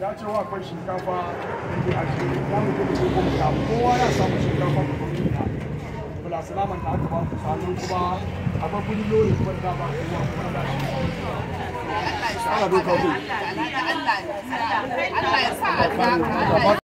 ya ce wa akwai shinkafa da ke ajiye ya mu kuma ko kuma ta kowa ya samu shinkafa da kuma ta bula salaman da aka ba ku sanin kuma akwai kudi lori kuma da ba ku wa kuma da shi Allah doka ku